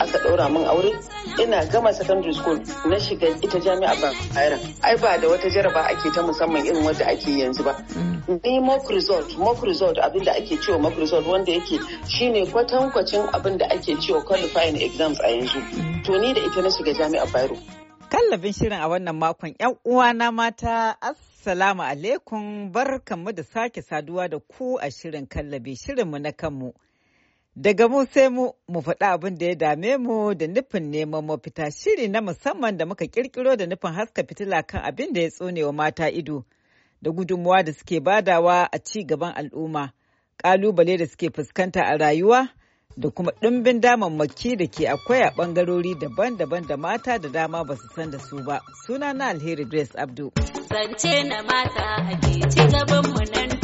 aka ɗora min aure ina gama secondary school na shiga ita jami'a ban ai ba da wata jaraba ake ta musamman irin wanda ake yanzu ba ni mock result mock result abinda ake cewa mock result wanda yake shine kwatankwacin abinda ake cewa qualifying exams a yanzu to ni da ita na shiga jami'a bayero kallabin shirin a wannan makon yan uwana mata assalamu alaikum barkanmu da sake saduwa da ku a shirin kallabi shirinmu na kanmu Daga mu sai mu mu faɗi abin da ya dame mu da nufin neman mafita shiri na musamman da muka kirkiro da nufin haska fitila kan abin da ya tsonewa mata ido da gudunmuwa da suke badawa a ci gaban al'umma, ƙalubale da suke fuskanta a rayuwa da kuma ɗimbin damammaki da ke akwai a ɓangarori daban-daban da mata da dama ba su san da su ba. Suna na Alheri Grace Abdu. Zance na mata a ci gaban mu nan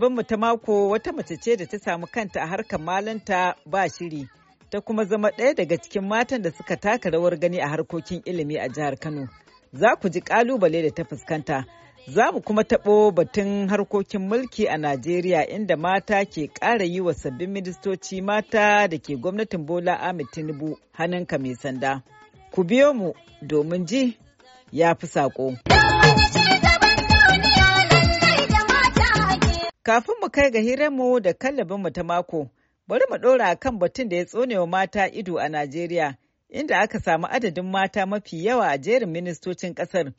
mu ta mako wata mace ce da ta samu kanta a harkar malanta ba shiri ta kuma zama ɗaya daga cikin matan da suka taka rawar gani a harkokin ilimi a jihar Kano. Za ku ji ƙalubale da ta fuskanta. Za mu kuma taɓo batun harkokin mulki a Najeriya inda mata ke ƙara yi wa sabbin ministoci mata da ke gwamnatin Bola Ahmed Tinubu hannunka mai sanda. Ku biyo mu domin ji ya fi saƙo. Kafin mu kai ga mu da kallabin mu ta mako, bari mu ɗora kan batun da ya wa mata ido a Najeriya, inda aka samu adadin mata mafi yawa a jerin ministocin ƙasar.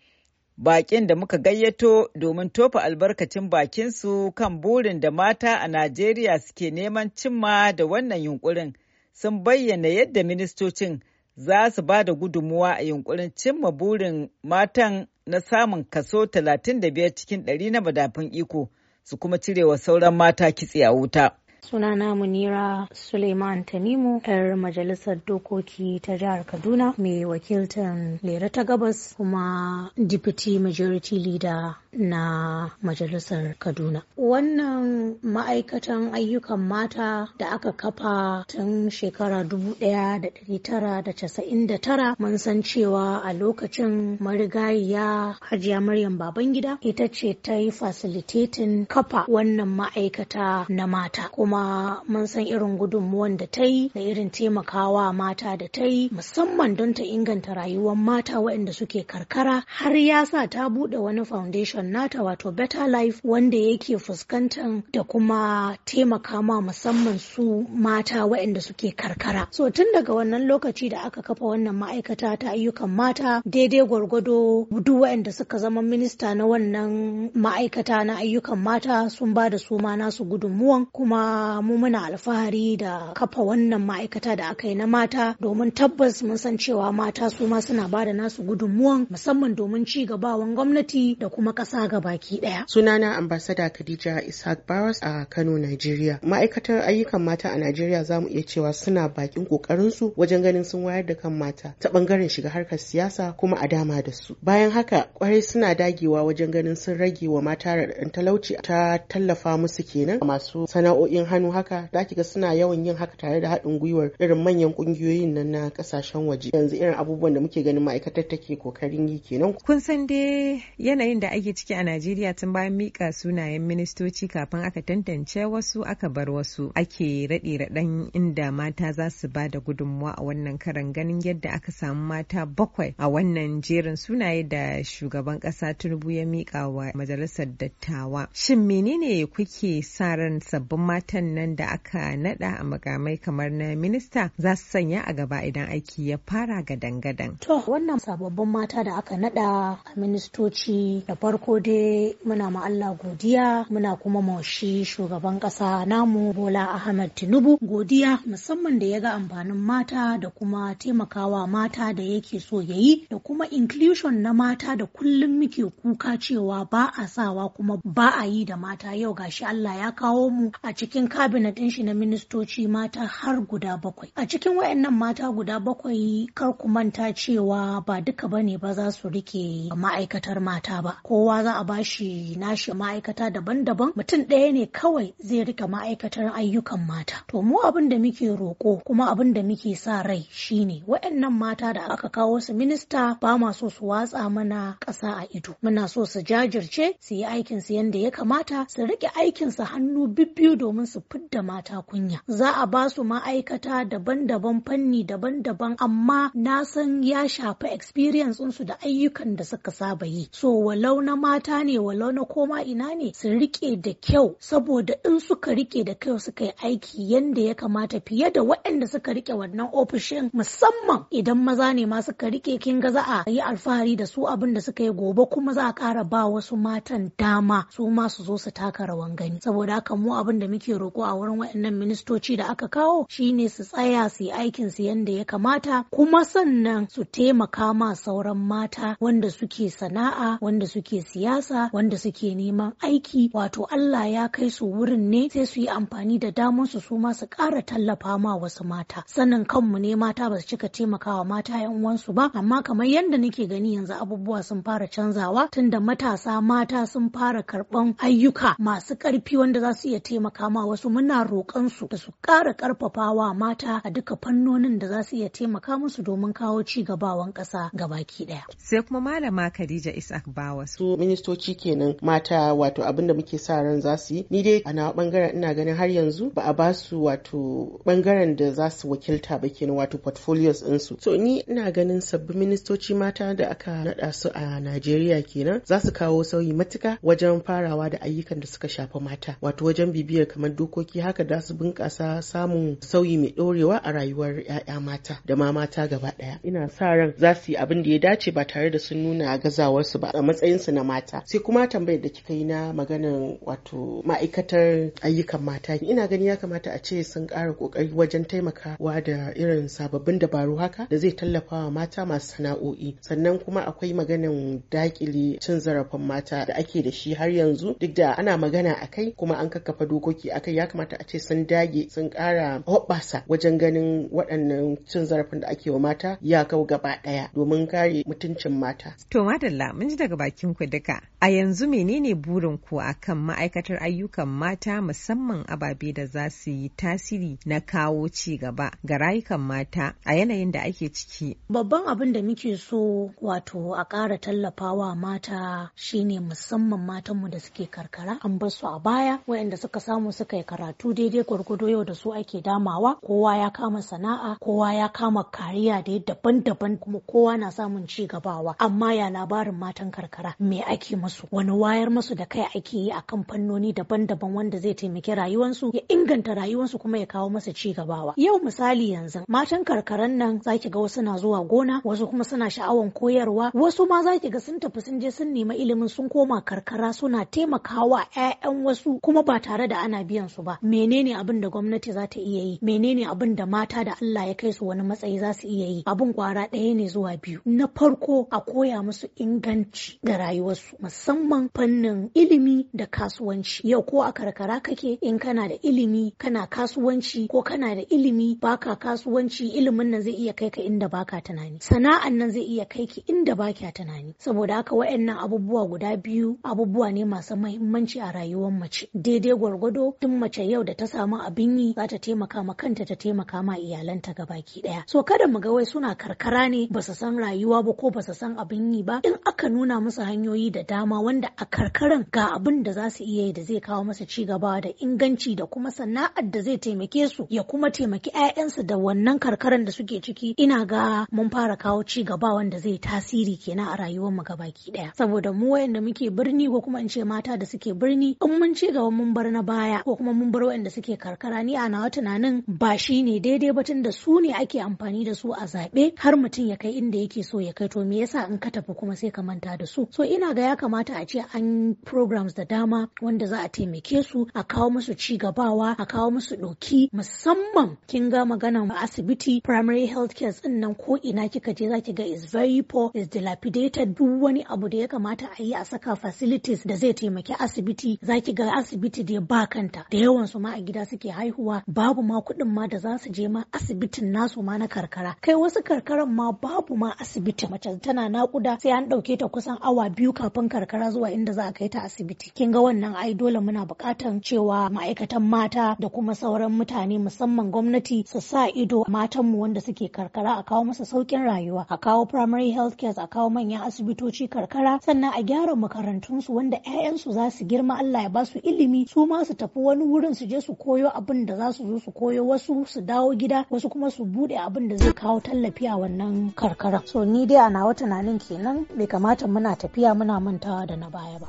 baƙin da muka gayyato domin tofa albarkacin bakinsu kan burin da mata a Najeriya suke neman cimma da wannan yunkurin sun bayyana yadda ministocin za su ba da gudunmuwa a yunkurin cimma burin matan na samun kaso 35 cikin 100 na madafin iko. su kuma cire wa sauran mata kitse a wuta. sunana munira suleiman tanimu yar majalisar dokoki ta jihar kaduna mai wakiltan lera ta gabas kuma deputy majority leader na majalisar Kaduna. Wannan ma'aikatan ayyukan mata da aka kafa tun shekara 1999 mun san cewa a lokacin marigayiya Hajiya Maryam Babangida ita ce ta yi fasilitetin kafa wannan ma'aikata na mata kuma mun san irin gudunmuwan da ta yi da irin taimakawa mata da ta yi musamman don ta inganta rayuwar mata waɗanda suke karkara har ya sa ta buɗe wani foundation nata wato Better Life wanda yake fuskantar da kuma taimaka ma musamman su mata waɗanda suke karkara. So tun daga wannan lokaci da aka kafa wannan ma'aikata ta ayyukan mata daidai gwargwado duk waɗanda suka zama minista na wannan ma'aikata na ayyukan mata sun ba da suma nasu gudunmuwan kuma mu muna alfahari da kafa wannan ma'aikata da aka yi na mata domin tabbas mun san cewa mata su ma suna ba da nasu gudunmuwan musamman domin ci gabawan gwamnati da kuma ƙasa kasa ga baki ɗaya. Sunana ambasada Khadija Isaac Baras a Kano, Najeriya. Ma'aikatar ayyukan mata a Najeriya za mu iya cewa suna bakin ƙoƙarinsu wajen ganin sun wayar da kan mata ta bangaren shiga harkar siyasa kuma a dama da su. Bayan haka kwarai suna dagewa wajen ganin sun rage wa mata raɗaɗin talauci ta tallafa musu kenan masu sana'o'in hannu haka za ga suna yawan yin haka tare da haɗin gwiwar irin manyan ƙungiyoyin nan na ƙasashen waje. Yanzu irin abubuwan da muke ganin ma'aikatar take kokarin yi kenan. Kun san dai yanayin da ake ciki a Najeriya tun bayan mika sunayen ministoci kafin aka tantance wasu aka bar wasu ake raɗe raɗen inda mata za su ba da gudunmuwa a wannan karan ganin yadda aka samu mata bakwai a wannan jerin sunaye da shugaban ƙasa Tinubu ya mika wa majalisar dattawa. Shin menene kuke sa ran sabbin matan nan da aka naɗa a makamai kamar na minista za su sanya a gaba idan aiki ya fara gadan-gadan? To wannan sababbin mata da aka naɗa a ministoci da farko farko dai muna ma Allah godiya muna kuma maushi shugaban kasa namu Bola Ahmed Tinubu godiya musamman da ya ga amfanin mata da kuma taimakawa mata da yake so ya yi da kuma inclusion na mata da kullum muke kuka cewa ba a sawa kuma ba a yi da mata yau gashi Allah ya kawo mu a cikin kabinet shi na ministoci mata har guda bakwai. A cikin wayannan mata guda bakwai kar ku manta cewa ba duka bane ba za su rike ma'aikatar mata ba. Kowa za a bashi nashi ma'aikata daban-daban mutum ɗaya ne kawai zai rika ma'aikatar ayyukan mata to mu abin da muke roƙo kuma abin da muke sa rai shine waɗannan mata da aka kawo su minista ba ma so su watsa mana ƙasa a ido muna so su jajirce su yi aikin su yadda ya kamata su rike aikin su hannu bibbiyu domin su fidda mata kunya za a ba su ma'aikata daban-daban fanni daban-daban amma na san ya shafi experience su da ayyukan da suka saba yi so walau na mata ne walau na koma ina ne su rike da kyau saboda in suka rike da kyau suka yi aiki yanda ya kamata fiye da waɗanda suka rike wannan ofishin musamman idan maza ne ma suka rike kin ga za a yi alfahari da su abin da suka yi gobe kuma za a ƙara ba wasu matan dama su ma su zo su taka rawan gani saboda haka mu abin da muke roƙo a wurin waɗannan ministoci da aka kawo shine su tsaya su yi aikin su yanda ya kamata kuma sannan su taimaka ma sauran mata wanda suke sana'a wanda suke siya siyasa wanda suke neman aiki wato Allah ya kai su wurin ne sai su yi amfani da damar su su ma su ƙara tallafa ma wasu mata sanin kanmu ne mata ba su cika taimakawa mata yan uwansu ba amma kamar yadda nake gani yanzu abubuwa sun fara canzawa tunda matasa mata sun fara karɓan ayyuka masu ƙarfi wanda za su iya taimaka ma wasu muna roƙon su da su ƙara ƙarfafawa mata a duka fannonin da za su iya taimaka musu domin kawo ci gabawan ƙasa gabaki ɗaya. Sai kuma malama Khadija Isak Bawa. ministoci kenan mata wato abin da muke sa ran za su yi ni dai a nawa bangaren ina ganin har yanzu ba a ba su wato bangaren da za su wakilta ba kenan wato portfolios su so ni ina ganin sabbin ministoci mata da aka naɗa su a najeriya kenan za su kawo sauyi matuka wajen farawa da ayyukan da suka shafi mata wato wajen bibiyar kamar dokoki haka da su bunƙasa samun sauyi mai ɗorewa a rayuwar 'ya'ya mata da ma mata gaba ɗaya ina sa ran za su yi abin da ya dace ba tare da sun nuna gazawarsu ba a matsayinsu na mata mata sai kuma tambayar da kika yi na maganin wato ma'aikatar ayyukan mata ina gani ya kamata a ce sun ƙara ƙoƙari wajen taimakawa da irin sababbin dabaru haka da zai tallafa wa mata masu sana'o'i sannan kuma akwai maganin dakile cin zarafin mata da ake da shi har yanzu duk da ana magana a kai kuma an kakkafa dokoki a kai ya kamata a ce sun dage sun ƙara hoɓɓasa wajen ganin waɗannan cin zarafin da ake wa mata ya kau gaba ɗaya domin kare mutuncin mata. To madalla mun ji daga bakin ku duk Afirka. A yanzu menene burin ku a kan ma'aikatar ayyukan mata musamman ababe da za su yi tasiri na kawo ci gaba ga rayukan mata a yanayin da ake ciki? Babban abin da muke so wato a ƙara tallafawa mata shine musamman matanmu da suke karkara an bar su a baya waɗanda suka samu suka yi karatu daidai gwargwado yau da su ake damawa kowa ya kama sana'a kowa ya kama kariya da daban-daban kuma kowa na samun ci gabawa amma ya labarin matan karkara me ake musu wani wayar musu da kai ake yi a kan fannoni daban-daban wanda zai taimaki rayuwarsu ya inganta rayuwarsu kuma ya kawo masa ci gabawa yau misali yanzu matan karkaran nan zaki ga wasu na zuwa gona wasu kuma suna sha'awan koyarwa wasu ma zaki ga sun tafi sun je sun nemi ilimin sun koma karkara suna taimakawa ƴaƴan wasu kuma ba tare da ana biyan su ba menene abin da gwamnati za ta iya yi menene abin da mata da Allah ya kai su wani matsayi za su iya yi abin kwara ɗaya ne zuwa biyu na farko a koya musu inganci ga rayuwarsu su musamman fannin ilimi da kasuwanci yau ko a karkara kake in kana da ilimi kana kasuwanci ko kana da ilimi baka kasuwanci ilimin nan zai iya kai ka inda baka tunani sana'an nan zai iya kai ki inda baka tunani saboda haka wayannan abubuwa guda biyu abubuwa ne masu mahimmanci a rayuwar mace daidai gwargwado tun mace yau da ta samu abin yi za ta taimaka ma kanta ta taimaka ma iyalanta gabaki daya so kada mu ga wai suna karkara ne basu san rayuwa ba ko basu san abin yi ba in aka nuna musu hanyoyi da dama wanda a karkaran ga abin da za su iya yi da zai kawo masa ci gaba da inganci da kuma sana'ar da zai taimake su ya kuma taimaki 'ya'yansu da wannan karkaran da suke ciki ina ga mun fara kawo ci gaba wanda zai tasiri kenan a rayuwar mu gabaki daya saboda mu wayanda muke birni ko kuma in ce mata da suke birni in mun ci gaba mun bar na baya ko kuma mun bar wayanda suke karkara ni a nawa tunanin ba shi ne daidai batun da su ne ake amfani da su a zaɓe har mutum ya kai inda yake so ya kai to me yasa in ka tafi kuma sai ka manta da su so ina ga ya kamata a ce an programs da dama wanda za a taimake su a kawo musu ci gabawa a kawo musu ɗoki musamman kin ga maganan asibiti primary health care din nan ko ina kika je zaki ga is very poor is dilapidated duk wani abu da ya kamata a yi a saka facilities da zai taimaki asibiti zaki ga asibiti da ba kanta da yawan su ma a gida suke haihuwa babu ma kuɗin ma da za su je ma asibitin nasu ma na karkara kai wasu karkaran ma babu ma asibiti mace tana nakuda sai an ɗauke ta kusan awa biyu kan kafin karkara zuwa inda za a kai ta asibiti kin ga wannan ai dole muna buƙatan cewa ma'aikatan mata da kuma sauran mutane musamman gwamnati su sa ido a matanmu wanda suke karkara a kawo musu sauƙin rayuwa a kawo primary health care a kawo manyan asibitoci karkara sannan a gyara makarantunsu wanda 'ya'yansu za su girma Allah ya ba su ilimi su ma su tafi wani wurin su je su koyo abin da za su zo su koyo wasu su dawo gida wasu kuma su bude abin da zai kawo tallafi a wannan karkara so ni dai a nawa tunanin kenan bai kamata muna tafiya muna mantawa da na baya ba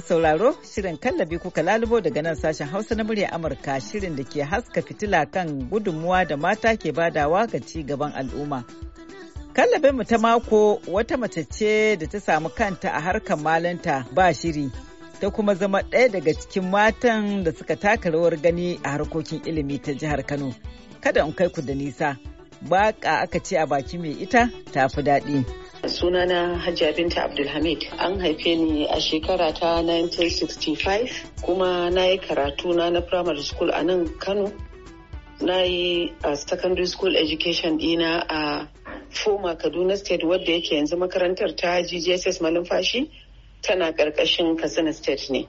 sauraro shirin kallabi kuka lalubo daga nan sashen hausa na murya amurka shirin da ke haska fitila kan gudunmuwa da mata ke badawa ga ci gaban al'umma kallabinmu ta mako wata mace ce da ta samu kanta a harkar malanta ba shiri ta kuma zama ɗaya daga cikin matan da suka taka rawar gani a harkokin ilimi ta jihar kano kada in kai ku da nisa baka aka ce a baki mai ita ta fi daɗi. sunana hajiya binta abdulhamid an haife ni a shekara ta 1965 kuma na yi karatu na na primary school a nan kano na yi a uh, secondary school education dina a Foma kaduna state wadda yake yanzu makarantar ta ggss malumfashi tana karkashin katsina state ne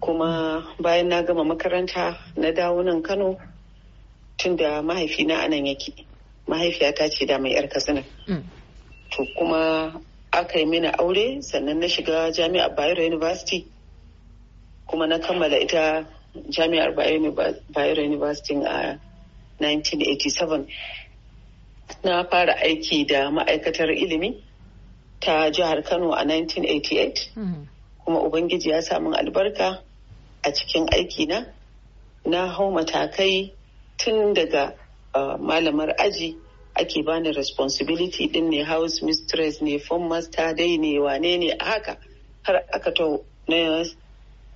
kuma bayan na gama makaranta na dawo nan kano tunda mahaifina anan yake mahaifiyata ce da mai yar katsina mm. to kuma aka yi mini aure sannan na shiga jami'ar bayero university kuma na kammala ita jami'ar bayero university a 1987 na fara aiki da ma'aikatar ilimi ta jihar kano a 1988 mm-hmm. kuma ubangiji ya samun albarka a cikin aiki na. na hau matakai tun daga uh, malamar aji ake bani responsibility din ne house mistress ne form master dai ne wane ne a haka har aka tau na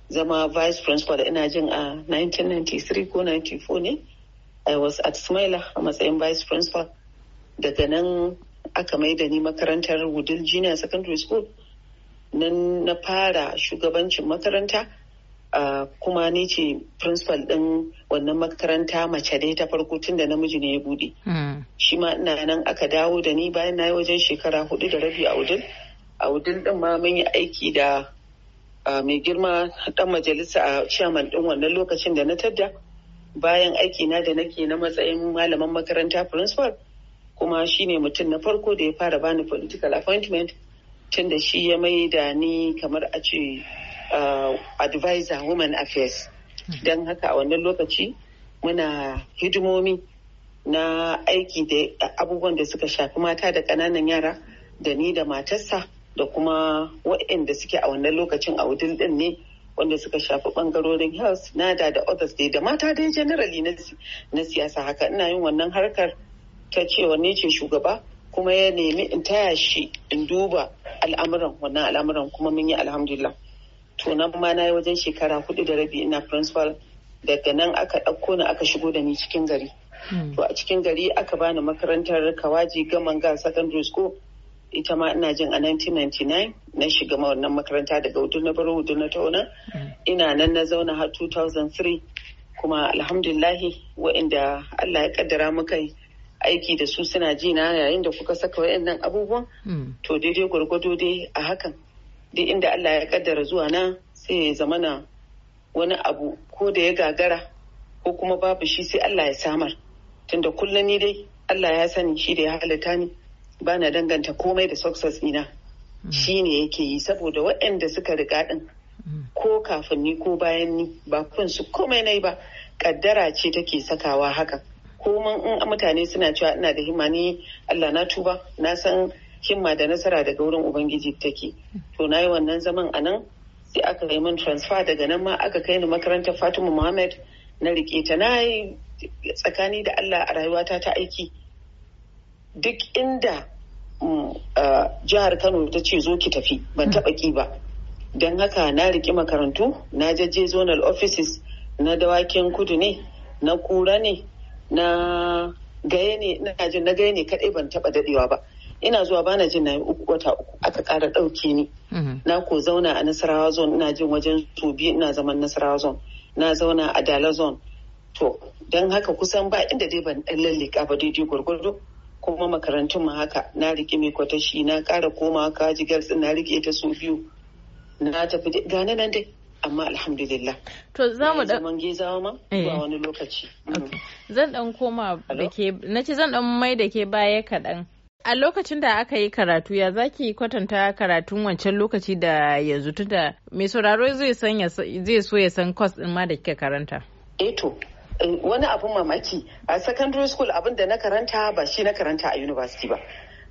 zama vice principal ina jin a 1993 ko 94 ne i was at smaila a matsayin vice principal daga nan aka mai da ni makarantar wudil junior secondary school nan na fara shugabancin makaranta Uh, kuma ni ce principal ɗin wannan makaranta mace dai ta farko tun da namiji ne ya bude. Mm. shi ma ina nan aka dawo da ni bayan na yi wajen shekara hudu da rabi a wudin a wudin din ma mun yi aiki da ah, mai girma dan majalisa a chairman din wannan lokacin da na tadda bayan aiki na da nake na matsayin malaman makaranta principal kuma shine mutum na farko da ya fara bani political appointment tun da shi ya mai da ni kamar a ce ah, advisor women affairs hmm. don haka a wannan lokaci muna hidimomi na aiki da abubuwan da suka shafi mata da kananan yara da ni da matarsa da kuma waɗanda suke a wannan lokacin a wudil din ne wanda suka shafi ɓangarorin health nada da others da mata dai generally na siyasa haka ina yin wannan harkar ta cewa ne ce shugaba kuma ya nemi in taya shi in duba al'amuran wannan al'amuran kuma mun yi alhamdulillah to nan ma na yi wajen shekara hudu da rabi ina principal daga nan aka ɗauko ni aka shigo da ni cikin gari Hmm. to a cikin gari aka bani makarantar kawaji gaman ga secondary school ita ma ina jin a 1999 na shiga wannan makaranta daga hudu na baro hudu na tauna hmm. ina nan na zauna har 2003 kuma alhamdulillahi wa'inda Allah ya kaddara muka aiki da su suna ji na yayin da kuka saka wa'annan abubuwan hmm. to daidai gwargwado dai a hakan duk inda Allah ya kaddara zuwa na sai ya zamana wani abu ko da ya gagara ko kuma babu shi sai Allah ya samar. tunda kullum ni dai Allah ya sani shi da ya halitta ni ba na danganta komai da success ina mm. shi ne yake yi saboda waɗanda suka riga ɗin mm. ko kafin ni ko bayan ni ba kun su komai nai ba ƙaddara ce take sakawa haka kuma in mutane suna cewa ina da himma ni Allah na tuba na san himma da nasara daga wurin ubangiji take to na yi wannan zaman a nan sai aka yi min transfer daga nan ma aka kai ni makarantar Fatima Muhammad na riƙe ta na yi tsakani da Allah a rayuwata ta aiki duk inda mm, jihar Kano ta ce zo ki tafi ban hmm. taɓa ki ba don haka na riƙi makarantu na jaje zonal offices na dawakin kudu ne na kura ne na gaya ne na jin na gaya ne kaɗai ban taɓa daɗewa ba ina zuwa bana jin na yi uku wata uku aka ƙara ɗauke ni hmm. na ko zauna a nasarawa zone ina jin wajen su biyu ina zaman nasarawa zone na zauna a dalazon to don haka kusan ba inda dai ban dan lallika ba daidai gwargwado kuma makarantun ma haka na riƙe mai kwatashi na ƙara komawa kaji garsin na riƙe ta su biyu na tafi gane nan dai amma alhamdulillah to za mu da zaman gezawa ma ba eh. wani lokaci mm. zan dan koma da ke nace zan dan mai da ke baya kaɗan A lokacin da aka yi karatu ya zaki kwatanta karatun wancan lokaci da yanzu tunda mai sauraro zai so ya san kwas din ma da kika karanta. Eto, eh wani abin mamaki a secondary school abin da na karanta ba shi na karanta a university ba.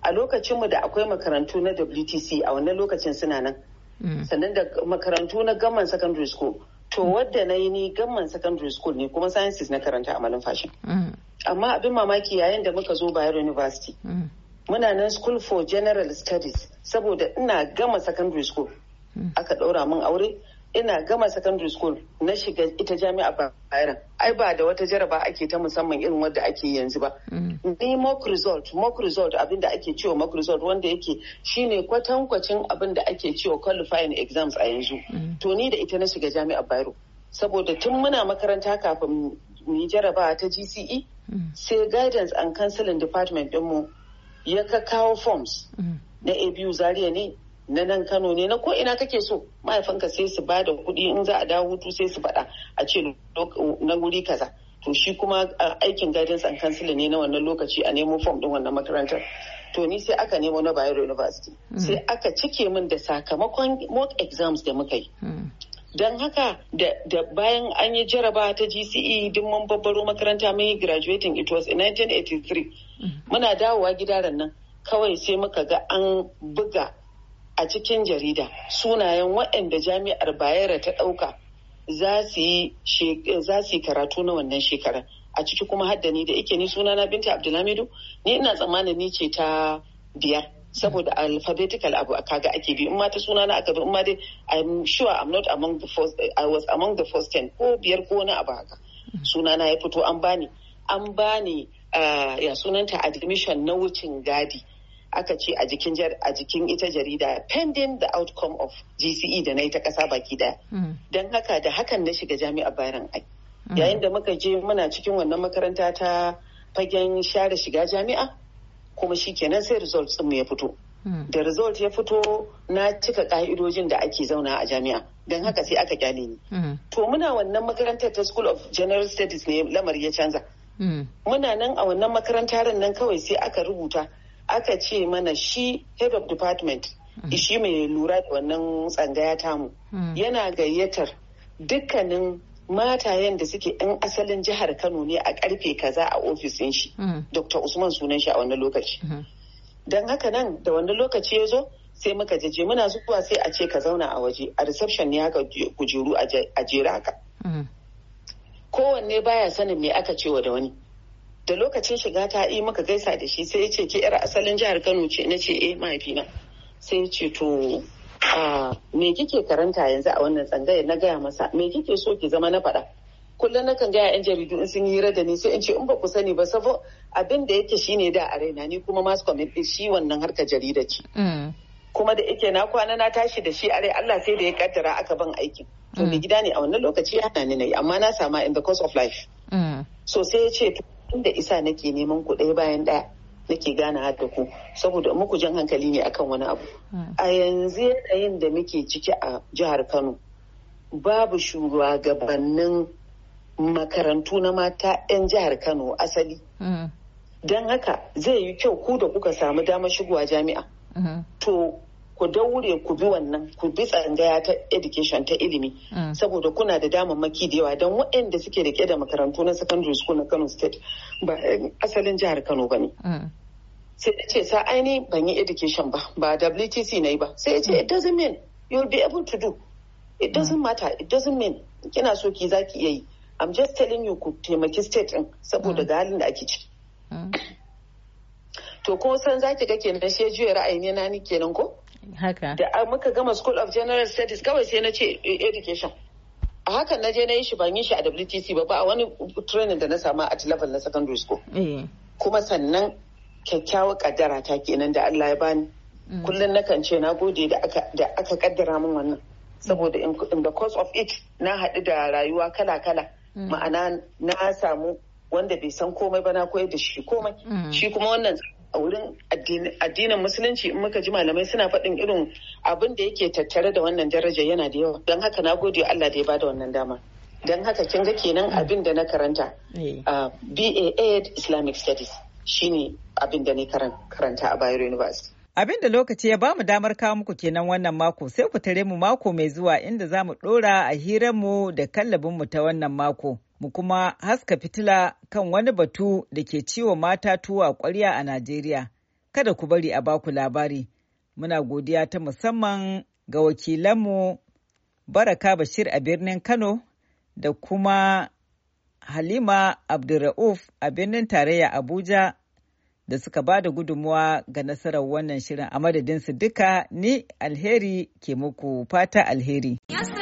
A lokacinmu da akwai makarantu na WTC a wannan lokacin suna nan. Mm. Sannan da makarantu na gamman secondary school. To wadda na yi ni gamman secondary school ne kuma sciences na karanta a malin fashin. Mm. Amma abin mamaki yayin da muka zo Bayero University. Mm. muna nan school for general studies saboda ina gama secondary school hmm. aka ɗaura min aure ina gama secondary school na shiga ita jami'a bayan ai ba da wata jaraba ake ta musamman irin wanda ake yanzu ba hmm. ni mock result mock result abinda ake cewa mock result wanda yake shine kwatankwacin abinda ake cewa qualifying exams a yanzu hmm. to ni da ita na shiga jami'a Bayero saboda tun muna makaranta kafin mu yi jaraba ta GCE sai guidance and counseling department mu. ya ka kawo forms mm. na abu zaria ne na nan kano ne na ko ina kake so mahaifanka sai su ba da kuɗi in za a dawo hutu sai su faɗa a ce na wuri kaza to shi kuma aikin guidance and counseling ne na wannan lokaci a nemo form din wannan makarantar to ni sai aka nemo na bayero university mm. sai aka cike min da sakamakon mock exams da muka yi mm. don haka da bayan an yi jaraba ta gce duk mun babbaro makaranta mun yi graduating it was in 1983 mm-hmm. muna dawowa gida nan kawai sai muka ga an buga a cikin jarida sunayen waɗanda jami'ar bayero ta ɗauka za su yi karatu na wannan shekarar a ciki kuma haddani da ike ni sunana binta abdulhamidu ni ina tsammanin ni ce ta biyar saboda alphabetical abu a kaga ake bi in ma ta suna na aka bi in ma dai I'm sure I'm not among the first I was among the first ten ko biyar ko wani abu haka mm-hmm. suna na ya fito an bani an bani uh, ya sunanta admission na wucin gadi aka ce a jikin a jikin ita jarida pending the outcome of GCE da na ta kasa baki daya mm-hmm. dan haka da hakan na shiga jami'a bayan ai mm-hmm. yayin da muka je muna cikin wannan makaranta ta fagen share shiga jami'a kuma shi kenan sai result din mu ya fito hmm. da result ya fito na cika ka'idojin da ake zauna a jami'a don haka sai aka kyale ni hmm. to muna wannan makarantar ta school of general studies ne lamar ya canza hmm. muna nan a wannan makarantar nan kawai sai aka rubuta aka ce mana shi head of department shi mai lura da wannan tsangaya tamu yana gayyatar dukkanin matayen da suke ɗan asalin jihar Kano ne a karfe kaza a ofisin shi. Mm. Dr. Usman sunan shi a wani lokaci. Mm-hmm. Don haka nan da wani lokaci ya zo sai muka je muna zuwa sai a ce ka zauna a waje a reception ne haka kujeru a jera haka. Mm-hmm. Kowanne baya sanin me aka ce wa da wani. Da lokacin shiga ta yi muka gaisa da shi sai ya ce ke yar asalin jihar Kano ce na ce eh mahaifina. Sai ya ce to Ah, me kike karanta yanzu a wannan tsangayar na gaya masa me kike so ki zama na faɗa kullum na kan gaya yan jaridu in sun yi hira da ni sai in ce in ba ku sani ba sabo abin da yake shine da a raina ni kuma masu comment din shi wannan harka jarida ce mm. kuma da yake na kwana na tashi da shi a rai Allah sai da ya kaddara aka ban aikin to mm. gida ne a wannan lokaci yana ni nayi amma na sama in the course of life mm. so sai ya ce tun da isa nake neman ku bayan ɗaya nake gana da ku saboda muku jan hankali ne akan wani abu a yanzu yanayin da muke ciki a jihar kano babu shugabannin makarantu na mata 'yan jihar kano asali mm. don haka zai yi kyau ku da kuka samu damar shigowa jami'a mm-hmm. to ku daure ku bi wannan ku bi tsangaya ta education ta ilimi mm. saboda kuna da maki da yawa don waɗanda suke rike da makarantu na secondary school na kano state ba asalin jihar kano ba ne mm. sai ta ce sa aini ban yi education ba ba WTC na yi ba sai ya ce it doesn't mean you will be able to do it doesn't matter it doesn't mean kina so ki zaki iya yi I'm just telling you ku taimaki state din saboda ga halin da ake ci. to ko san zaki ga kenan shi juya ra'ayi na ni kenan ko haka da muka gama school of general studies kawai sai na ce e, education a hakan na je na yi shi ban yi shi a WTC ba ba a wani training da na samu at level na secondary school eh. kuma sannan kyakkyawar kaddara ta kenan da Allah ya bani mm. kullum nakan ce na gode da aka kaddara min wannan saboda in the course of it na haɗu da rayuwa kala-kala mm. ma'ana na samu wanda bai san komai ba na koyar da shi komai mm. shi kuma wannan a wurin addinin musulunci in muka ji malamai suna faɗin irin abin da yake tattare da wannan daraja yana da yawa don haka na gode Allah da ya bada wannan dama don haka kin ga kenan abin da na karanta eh. ah, BAA Islamic Studies shine abin da ne karanta a Bayero University. Abin da lokaci ya bamu damar kawo muku kenan wannan mako sai ku tare mu mako mai zuwa inda za mu ɗora a hirar mu da kallabin mu ta wannan mako. Mu kuma haska fitila kan wani batu da ke ciwo mata tuwa kwarya a Najeriya. Kada ku bari a baku labari. Muna godiya ta musamman ga wakilanmu Baraka Bashir a birnin Kano da kuma Halima Abdulra'uf a birnin tarayya Abuja da suka ba da gudunmuwa ga nasarar wannan shirin a madadinsu duka ni alheri ke muku fata alheri. Yes,